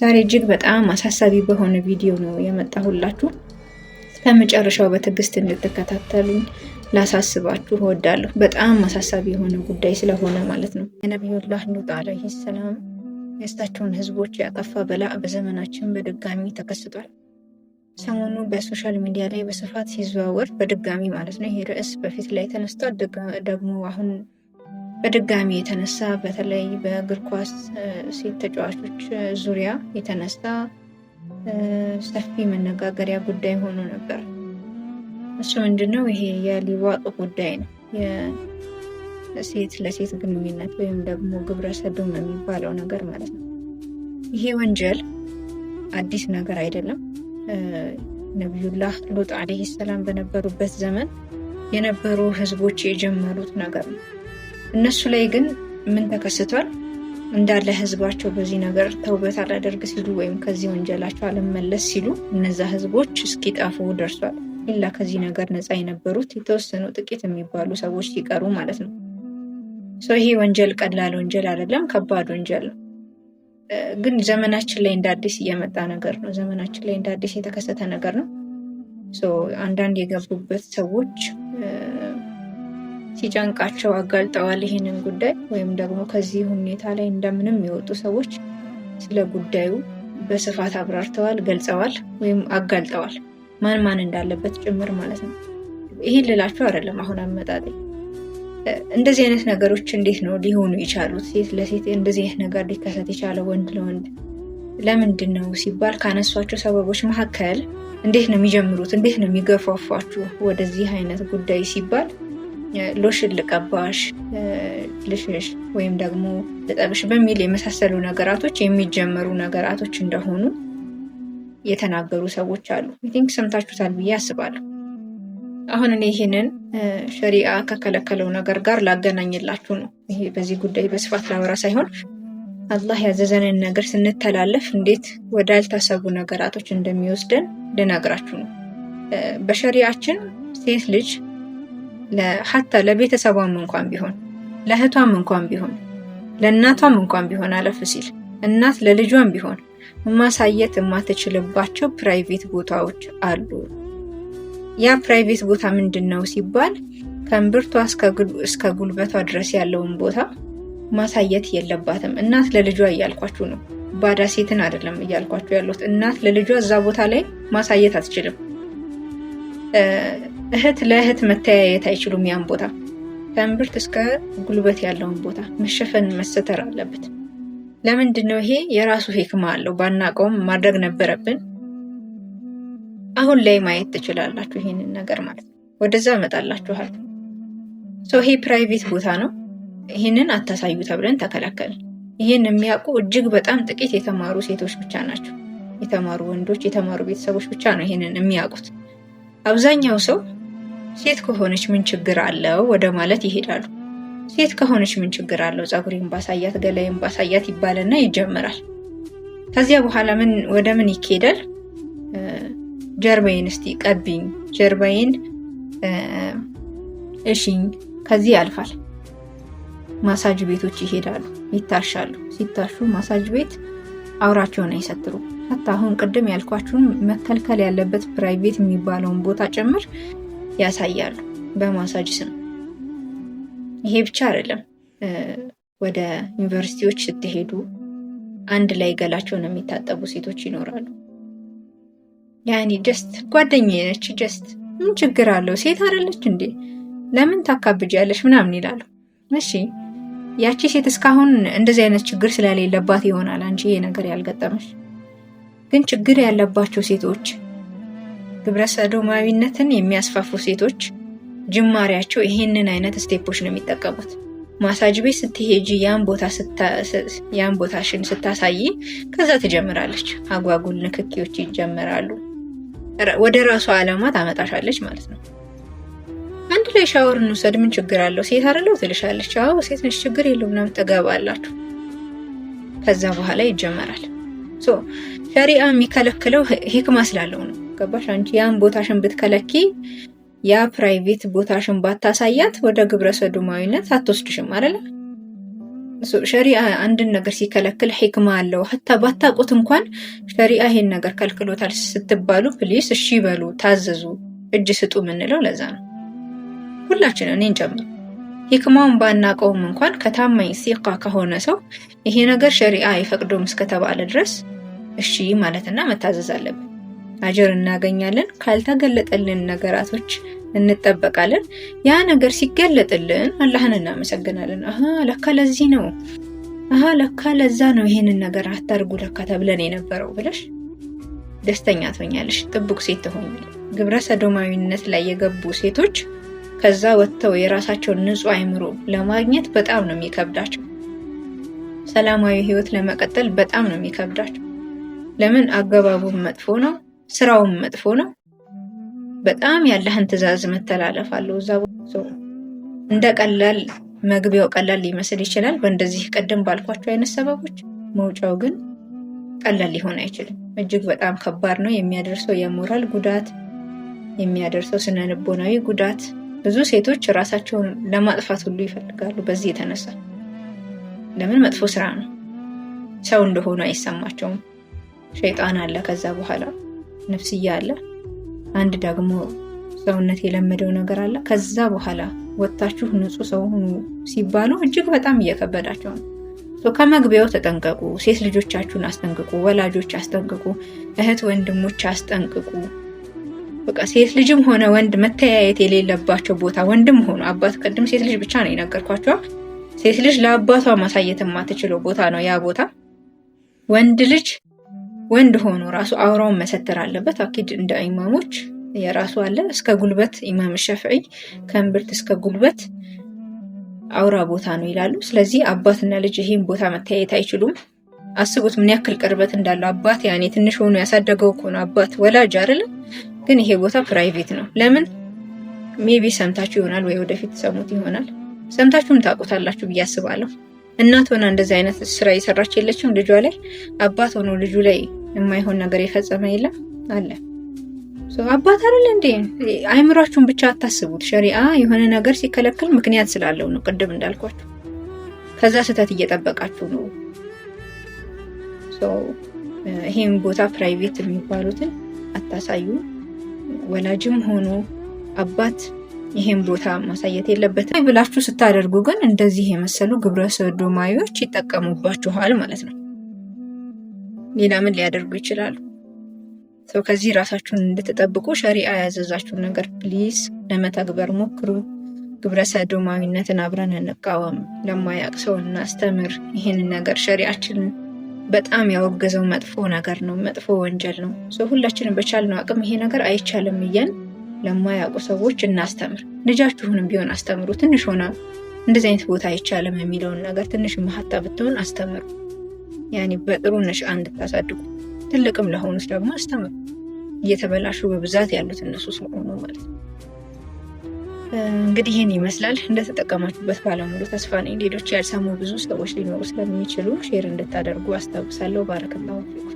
ዛሬ እጅግ በጣም አሳሳቢ በሆነ ቪዲዮ ነው የመጣሁላችሁ። ከመጨረሻው በትዕግስት እንድትከታተሉኝ ላሳስባችሁ እወዳለሁ። በጣም አሳሳቢ የሆነ ጉዳይ ስለሆነ ማለት ነው። የነቢዩላህ ሉጥ ዓለይሂ ሰላም የእሳቸውን ህዝቦች ያጠፋ በላ በዘመናችን በድጋሚ ተከስቷል። ሰሞኑ በሶሻል ሚዲያ ላይ በስፋት ሲዘዋወር በድጋሚ ማለት ነው ይህ ርዕስ በፊት ላይ ተነስቷል፣ ደግሞ አሁን በድጋሚ የተነሳ በተለይ በእግር ኳስ ሴት ተጫዋቾች ዙሪያ የተነሳ ሰፊ መነጋገሪያ ጉዳይ ሆኖ ነበር። እሱ ምንድነው? ይሄ የሊዋጡ ጉዳይ ነው። የሴት ለሴት ግንኙነት ወይም ደግሞ ግብረ ሰዶም የሚባለው ነገር ማለት ነው። ይሄ ወንጀል አዲስ ነገር አይደለም። ነቢዩላህ ሉጥ ዓለይሂ ሰላም በነበሩበት ዘመን የነበሩ ህዝቦች የጀመሩት ነገር ነው። እነሱ ላይ ግን ምን ተከስቷል? እንዳለ ህዝባቸው በዚህ ነገር ተውበት አላደርግ ሲሉ ወይም ከዚህ ወንጀላቸው አልመለስ ሲሉ እነዛ ህዝቦች እስኪጠፉ ደርሷል። ሌላ ከዚህ ነገር ነፃ የነበሩት የተወሰኑ ጥቂት የሚባሉ ሰዎች ሲቀሩ ማለት ነው። ይሄ ወንጀል ቀላል ወንጀል አይደለም፣ ከባድ ወንጀል ነው። ግን ዘመናችን ላይ እንደ አዲስ እየመጣ ነገር ነው። ዘመናችን ላይ እንደ አዲስ የተከሰተ ነገር ነው። አንዳንድ የገቡበት ሰዎች ሲጨንቃቸው አጋልጠዋል። ይህንን ጉዳይ ወይም ደግሞ ከዚህ ሁኔታ ላይ እንደምንም የወጡ ሰዎች ስለ ጉዳዩ በስፋት አብራርተዋል፣ ገልጸዋል፣ ወይም አጋልጠዋል። ማን ማን እንዳለበት ጭምር ማለት ነው። ይህን ልላቸው አይደለም። አሁን አመጣጤ እንደዚህ አይነት ነገሮች እንዴት ነው ሊሆኑ የቻሉት? ሴት ለሴት እንደዚህ አይነት ነገር ሊከሰት የቻለ ወንድ ለወንድ ለምንድን ነው ሲባል ካነሷቸው ሰበቦች መካከል እንዴት ነው የሚጀምሩት? እንዴት ነው የሚገፋፏችሁ ወደዚህ አይነት ጉዳይ ሲባል ሎሽን ልቀባሽ ልሽሽ ወይም ደግሞ ልጠብሽ በሚል የመሳሰሉ ነገራቶች የሚጀመሩ ነገራቶች እንደሆኑ የተናገሩ ሰዎች አሉ። ቲንክ ሰምታችሁታል ብዬ አስባለሁ። አሁን እኔ ይህንን ሸሪአ ከከለከለው ነገር ጋር ላገናኝላችሁ ነው። ይሄ በዚህ ጉዳይ በስፋት ላወራ ሳይሆን አላህ ያዘዘንን ነገር ስንተላለፍ እንዴት ወዳልታሰቡ ነገራቶች እንደሚወስደን ልነግራችሁ ነው። በሸሪያችን ሴት ልጅ ሀታ ለቤተሰቧም እንኳን ቢሆን ለእህቷም እንኳን ቢሆን ለእናቷም እንኳን ቢሆን አለፍ ሲል እናት ለልጇም ቢሆን ማሳየት የማትችልባቸው ፕራይቬት ቦታዎች አሉ። ያ ፕራይቬት ቦታ ምንድን ነው ሲባል ከእምብርቷ እስከ ጉልበቷ ድረስ ያለውን ቦታ ማሳየት የለባትም። እናት ለልጇ እያልኳችሁ ነው፣ ባዳ ሴትን አይደለም እያልኳችሁ ያሉት። እናት ለልጇ እዛ ቦታ ላይ ማሳየት አትችልም። እህት ለእህት መተያየት አይችሉም። ያን ቦታ ከእምብርት እስከ ጉልበት ያለውን ቦታ መሸፈን መሰተር አለበት። ለምንድን ነው? ይሄ የራሱ ሂክማ አለው። ባናቀውም ማድረግ ነበረብን። አሁን ላይ ማየት ትችላላችሁ ይህንን ነገር ማለት ነው። ወደዛ እመጣላችኋል። ሰው ይሄ ፕራይቬት ቦታ ነው፣ ይህንን አታሳዩ ተብለን ተከላከልን። ይህን የሚያውቁ እጅግ በጣም ጥቂት የተማሩ ሴቶች ብቻ ናቸው። የተማሩ ወንዶች፣ የተማሩ ቤተሰቦች ብቻ ነው ይህንን የሚያውቁት። አብዛኛው ሰው ሴት ከሆነች ምን ችግር አለው ወደ ማለት ይሄዳሉ። ሴት ከሆነች ምን ችግር አለው ፀጉሬን ባሳያት፣ ገላዬን ባሳያት ይባልና ይጀምራል። ከዚያ በኋላ ምን ወደ ምን ይኬዳል? ጀርባዬን እስቲ ቀቢኝ፣ ጀርባዬን እሽኝ። ከዚህ ያልፋል። ማሳጅ ቤቶች ይሄዳሉ፣ ይታሻሉ። ሲታሹ ማሳጅ ቤት አውራቸውን አይሰትሩም። ሀታ አሁን ቅድም ያልኳችሁን መከልከል ያለበት ፕራይቬት የሚባለውን ቦታ ጭምር ያሳያሉ በማሳጅ ስም። ይሄ ብቻ አይደለም። ወደ ዩኒቨርሲቲዎች ስትሄዱ አንድ ላይ ገላቸውን የሚታጠቡ ሴቶች ይኖራሉ። ያኔ ጀስት ጓደኛ ነች፣ ጀስት ምን ችግር አለው ሴት አደለች እንዴ ለምን ያለች ምናምን ይላሉ። እሺ ያቺ ሴት እስካሁን እንደዚህ አይነት ችግር ስለሌለባት ይሆናል አንቺ ይሄ ነገር ያልገጠመች ግን ችግር ያለባቸው ሴቶች ግብረ ሰዶማዊነትን የሚያስፋፉ ሴቶች ጅማሪያቸው ይሄንን አይነት ስቴፖች ነው የሚጠቀሙት። ማሳጅ ቤት ስትሄጂ ያን ቦታሽን ስታሳይ ከዛ ትጀምራለች። አጓጉል ንክኪዎች ይጀምራሉ። ወደ ራሷ ዓላማ ታመጣሻለች ማለት ነው። አንድ ላይ ሻወር እንውሰድ፣ ምን ችግር አለው? ሴት አይደለው ትልሻለች። አዎ ሴት ነች፣ ችግር የለውም ምናምን ትገባላችሁ። ከዛ በኋላ ይጀመራል። ሸሪአ የሚከለክለው ሂክማ ስላለው ነው። ገባሽ? አንቺ ያን ቦታሽን ብትከለኪ ያ ፕራይቬት ቦታሽን ባታሳያት ወደ ግብረ ሰዶማዊነት አትወስድሽም አይደለ? ሸሪአ አንድን ነገር ሲከለክል ሂክማ አለው። ሀታ ባታቁት እንኳን ሸሪአ ይሄን ነገር ከልክሎታል ስትባሉ ፕሊስ እሺ በሉ፣ ታዘዙ፣ እጅ ስጡ የምንለው ለዛ ነው። ሁላችን እኔን ጨምር ሂክማውን ባናቀውም እንኳን ከታማኝ ሲቃ ከሆነ ሰው ይሄ ነገር ሸሪአ አይፈቅዶም እስከተባለ ድረስ እሺ ማለትና መታዘዝ አለብን። አጀር እናገኛለን። ካልተገለጠልን ነገራቶች እንጠበቃለን። ያ ነገር ሲገለጥልን አላህን እናመሰግናለን። አ ለካ ለዚህ ነው፣ አ ለካ ለዛ ነው ይሄንን ነገር አታርጉ ለካ ተብለን የነበረው ብለሽ ደስተኛ ትሆኛለሽ። ጥቡቅ ሴት ትሆኛለሽ። ግብረ ሰዶማዊነት ላይ የገቡ ሴቶች ከዛ ወጥተው የራሳቸውን ንጹህ አይምሮ ለማግኘት በጣም ነው የሚከብዳቸው። ሰላማዊ ህይወት ለመቀጠል በጣም ነው የሚከብዳቸው። ለምን? አገባቡ መጥፎ ነው። ስራውም መጥፎ ነው። በጣም ያለህን ትዕዛዝ መተላለፍ አለው። እዛ እንደ ቀላል መግቢያው ቀላል ሊመስል ይችላል። በእንደዚህ ቅድም ባልኳቸው አይነት ሰበቦች መውጫው ግን ቀላል ሊሆን አይችልም። እጅግ በጣም ከባድ ነው። የሚያደርሰው የሞራል ጉዳት፣ የሚያደርሰው ስነ ልቦናዊ ጉዳት፣ ብዙ ሴቶች ራሳቸውን ለማጥፋት ሁሉ ይፈልጋሉ። በዚህ የተነሳ ለምን መጥፎ ስራ ነው። ሰው እንደሆኑ አይሰማቸውም። ሸይጣን አለ ከዛ በኋላ ነፍስያ አለ፣ አንድ ደግሞ ሰውነት የለመደው ነገር አለ። ከዛ በኋላ ወጥታችሁ ንጹህ ሰው ሁኑ ሲባሉ እጅግ በጣም እየከበዳቸው ነው። ከመግቢያው ተጠንቀቁ። ሴት ልጆቻችሁን አስጠንቅቁ፣ ወላጆች አስጠንቅቁ፣ እህት ወንድሞች አስጠንቅቁ። በቃ ሴት ልጅም ሆነ ወንድ መተያየት የሌለባቸው ቦታ ወንድም ሆኖ አባት፣ ቅድም ሴት ልጅ ብቻ ነው የነገርኳቸው። ሴት ልጅ ለአባቷ ማሳየት የማትችለው ቦታ ነው ያ ቦታ። ወንድ ልጅ ወንድ ሆኖ ራሱ አውራውን መሰተር አለበት። አኪድ እንደ ኢማሞች የራሱ አለ። እስከ ጉልበት ኢማም ሸፍዒ ከእምብርት እስከ ጉልበት አውራ ቦታ ነው ይላሉ። ስለዚህ አባትና ልጅ ይህን ቦታ መተያየት አይችሉም። አስቡት ምን ያክል ቅርበት እንዳለው። አባት ያኔ ትንሽ ሆኖ ያሳደገው ከሆነ አባት ወላጅ አይደለም፣ ግን ይሄ ቦታ ፕራይቬት ነው። ለምን ሜቢ ሰምታችሁ ይሆናል ወይ ወደፊት ሰሙት ይሆናል። ሰምታችሁም ታውቁታላችሁ ብዬ አስባለሁ። እናት ሆና እንደዚህ አይነት ስራ እየሰራች የለችም ልጇ ላይ። አባት ሆኖ ልጁ ላይ የማይሆን ነገር የፈጸመ የለም አለ። አባት አይደል እንዴ? አይምሯችሁን ብቻ አታስቡት። ሸሪአ የሆነ ነገር ሲከለከል ምክንያት ስላለው ነው። ቅድም እንዳልኳችሁ ከዛ ስህተት እየጠበቃችሁ ነው። ይሄን ቦታ ፕራይቬት የሚባሉትን አታሳዩ። ወላጅም ሆኖ አባት ይሄን ቦታ ማሳየት የለበትም ብላችሁ ስታደርጉ ግን እንደዚህ የመሰሉ ግብረ ሰዶማዮች ይጠቀሙባችኋል ማለት ነው። ሌላ ምን ሊያደርጉ ይችላሉ? ሰው ከዚህ ራሳችሁን እንድትጠብቁ ሸሪአ ያዘዛችሁን ነገር ፕሊስ ለመተግበር ሞክሩ። ግብረ ሰዶማዊነትን አብረን እንቃወም፣ ለማያቅ ሰው እናስተምር። ይህንን ነገር ሸሪአችንን በጣም ያወገዘው መጥፎ ነገር ነው፣ መጥፎ ወንጀል ነው። ሰው ሁላችንም በቻልነው አቅም ይሄ ነገር አይቻልም እያን ለማያውቁ ሰዎች እናስተምር። ልጃችሁንም ቢሆን አስተምሩ። ትንሽ ሆነ እንደዚህ አይነት ቦታ አይቻልም የሚለውን ነገር ትንሽ መሀታ ብትሆን አስተምሩ። ያኔ በጥሩ ነሽ እንድታሳድጉ ትልቅም ለሆኑት ደግሞ አስተምሩ። እየተበላሹ በብዛት ያሉት እነሱ ስለሆኑ ማለት ነው። እንግዲህ ይህን ይመስላል። እንደተጠቀማችሁበት ባለሙሉ ተስፋ ነኝ። ሌሎች ያልሰሙ ብዙ ሰዎች ሊኖሩ ስለሚችሉ ሼር እንድታደርጉ አስታውሳለሁ። ባረከላሁ ፊኩም።